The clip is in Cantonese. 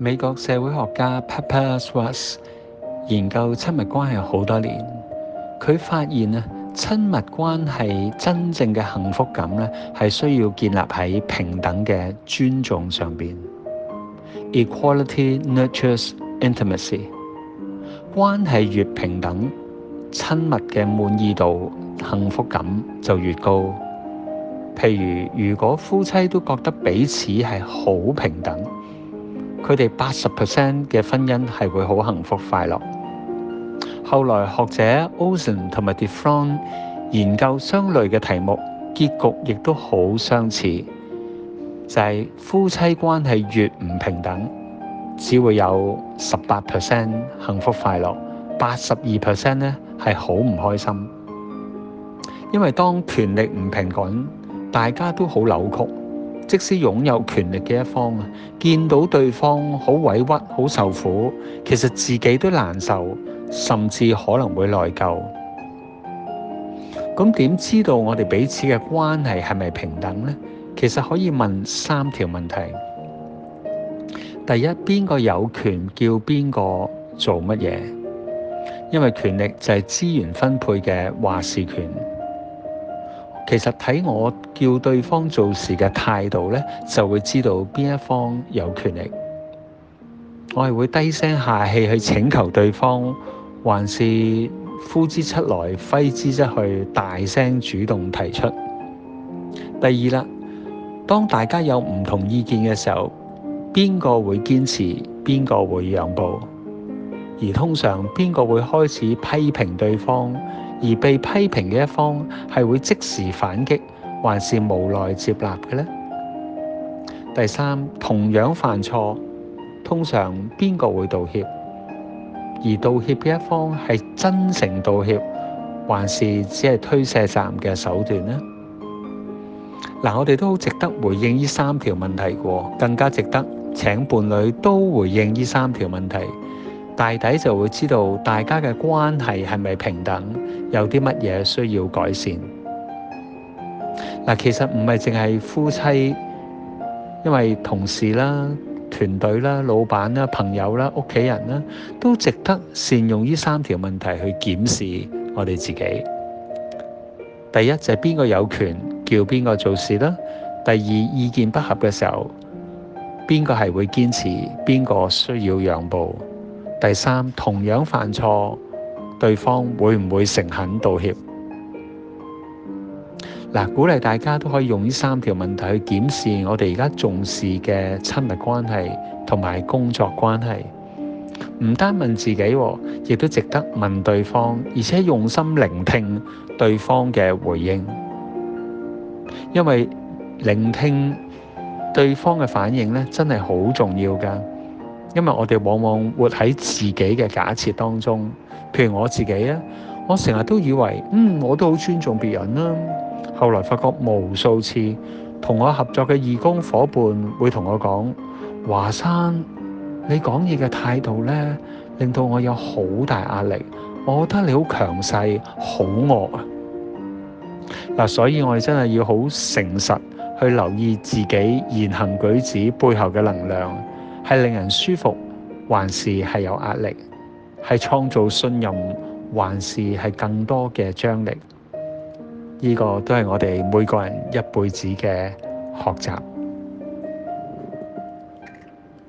美國社會學家 Pepper Schwartz 研究親密關係好多年，佢發現啊，親密關係真正嘅幸福感咧，係需要建立喺平等嘅尊重上邊。Equality nurtures intimacy。關係越平等，親密嘅滿意度、幸福感就越高。譬如，如果夫妻都覺得彼此係好平等。佢哋八十 percent 嘅婚姻係會好幸福快樂。後來學者 Olsen 同埋 DeFran 研究相類嘅題目，結局亦都好相似，就係、是、夫妻關係越唔平等，只會有十八 percent 幸福快樂，八十二 percent 咧係好唔開心。因為當權力唔平均，大家都好扭曲。即使擁有權力嘅一方啊，見到對方好委屈、好受苦，其實自己都難受，甚至可能會內疚。咁點知道我哋彼此嘅關係係咪平等呢？其實可以問三條問題。第一，邊個有權叫邊個做乜嘢？因為權力就係資源分配嘅話事權。其實睇我叫對方做事嘅態度咧，就會知道邊一方有權力。我係會低聲下氣去請求對方，還是呼之則來，揮之則去，大聲主動提出。第二啦，當大家有唔同意見嘅時候，邊個會堅持，邊個會讓步，而通常邊個會開始批評對方。而被批評嘅一方係會即時反擊，還是無奈接納嘅呢？第三，同樣犯錯，通常邊個會道歉？而道歉嘅一方係真誠道歉，還是只係推卸責任嘅手段呢？嗱、啊，我哋都好值得回應呢三條問題嘅、哦，更加值得請伴侶都回應呢三條問題。大抵就會知道大家嘅關係係咪平等，有啲乜嘢需要改善嗱。其實唔係淨係夫妻，因為同事啦、團隊啦、老闆啦、朋友啦、屋企人啦，都值得善用呢三條問題去檢視我哋自己。第一就係邊個有權叫邊個做事啦？第二，意見不合嘅時候，邊個係會堅持，邊個需要讓步？第三，同樣犯錯，對方會唔會誠懇道歉？嗱，鼓勵大家都可以用呢三條問題去檢視我哋而家重視嘅親密關係同埋工作關係。唔單問自己喎，亦都值得問對方，而且用心聆聽對方嘅回應，因為聆聽對方嘅反應咧，真係好重要㗎。因為我哋往往活喺自己嘅假設當中，譬如我自己啊，我成日都以為，嗯，我都好尊重別人啦。後來發覺無數次同我合作嘅義工夥伴會同我講：華山，你講嘢嘅態度咧，令到我有好大壓力。我覺得你好強勢，好惡啊！嗱，所以我哋真係要好誠實去留意自己言行舉止背後嘅能量。係令人舒服，還是係有壓力？係創造信任，還是係更多嘅張力？呢個都係我哋每個人一輩子嘅學習。